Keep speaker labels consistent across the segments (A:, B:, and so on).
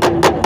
A: Thank you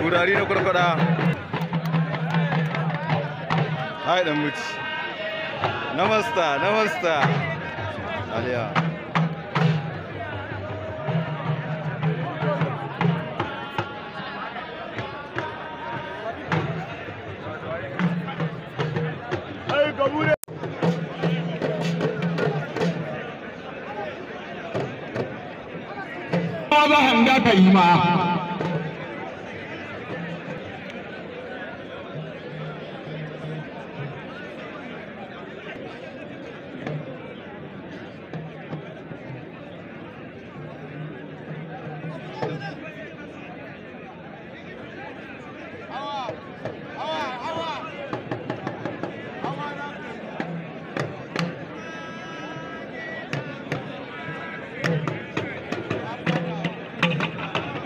A: turari na kwarkwada hai dan muci namasta namasta aliya ba hanga ka yi ma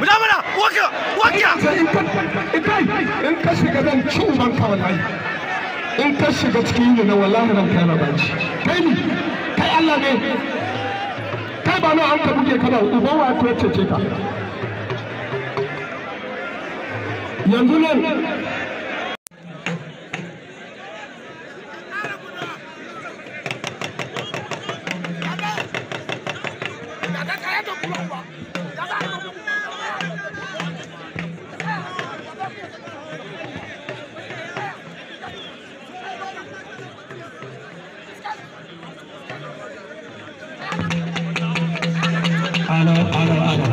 A: mujamala waka waka in ka shiga zan ci ubanka wallahi in ka shiga cikin yi na wallahi ran kai baci kai ni kai Allah ne kai ba nawa an ka buge ka ba uban wato ya cece ka yanzu nan ano ano ano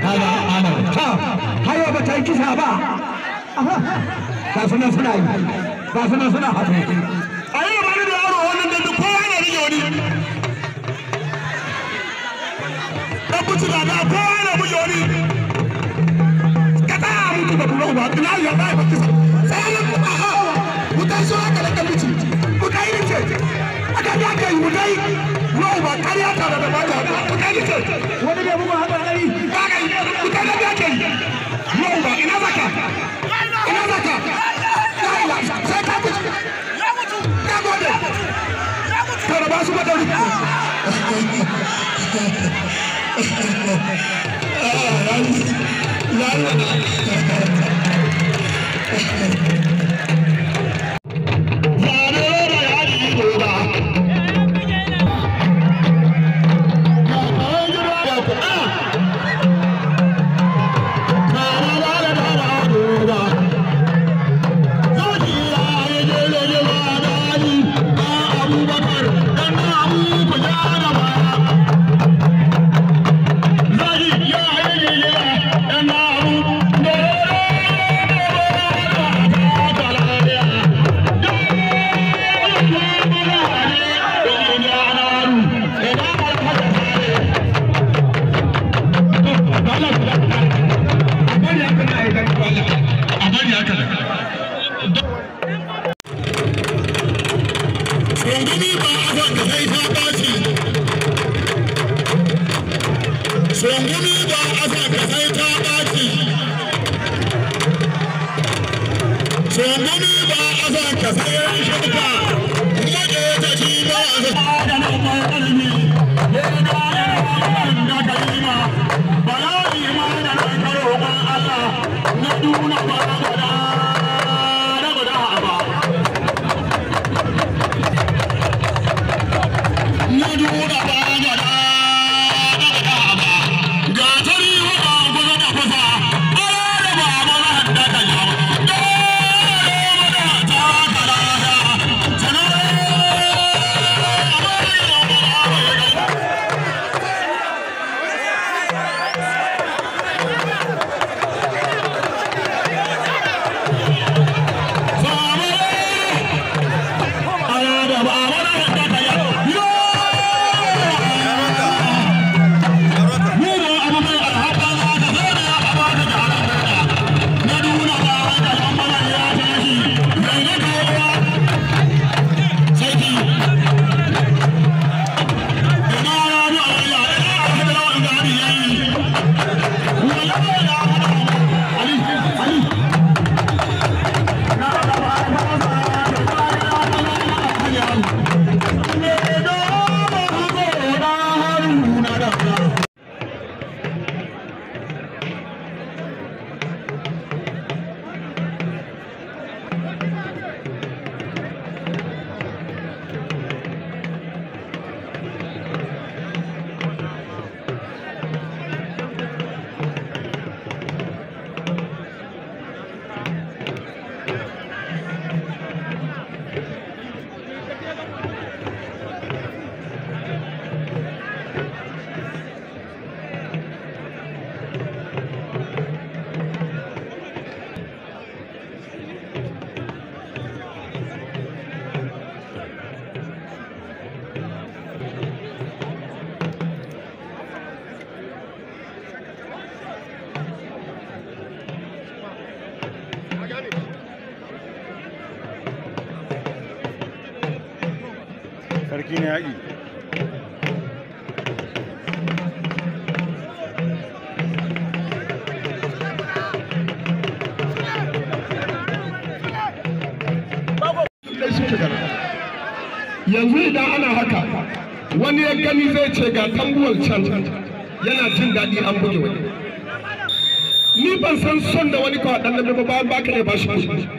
A: kaga ano to har ba ta kisa ba ga suna suna yi ga suna suna hatu a yi ba da yaro wannan dandu ko yana rige wani dan buci da na ko yana buge wani ka ta mutu da kuma uba ina ya ba kisa ba su madari Ah! ah, ah, ah. rai ta ɓaci shungumi ba asaka sai ta ɓaci shungumi ba asaka sai ya shirka kuma ke ta ci ba a zai da nan mai ƙarfi ne da ya yi da kalima ba ya yi ma da nan karo ba Allah na duna ba sarki yaƙi yanzu idan ana haka wani ya gani zai ce ga tambuwar can yana jin daɗi an buge wani ni ban san son da wani kawai ɗan ba ba ka ne ba shi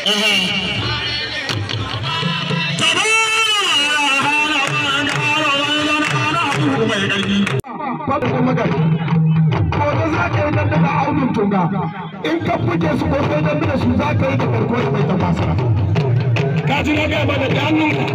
A: Fadin magani, ko za yi nan da tunga, in ka fuke su ko sai nan da su za ka yi da karkuwar mai tafasa. Ka ji na gaba da hannunka.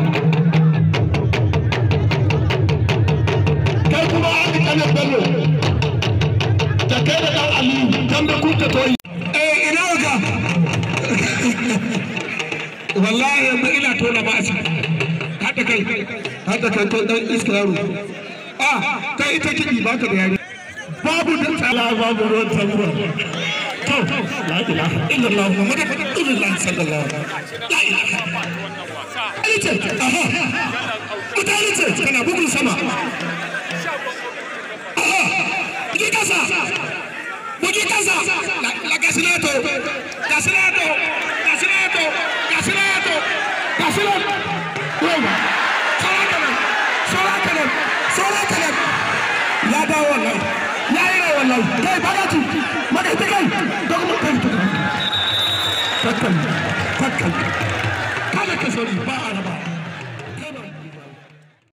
A: kai haka kan kai dan iskaru a ah, kai ita kidi ba ka bayani babu da tsala babu ruwan tabuwa to la ilaha illallah muhammadu rasulullah sallallahu alaihi wasallam alice aha ita alice kana bugun sama aha ki kasa bugi kasa la gasinato gasinato gasinato gasinato gasinato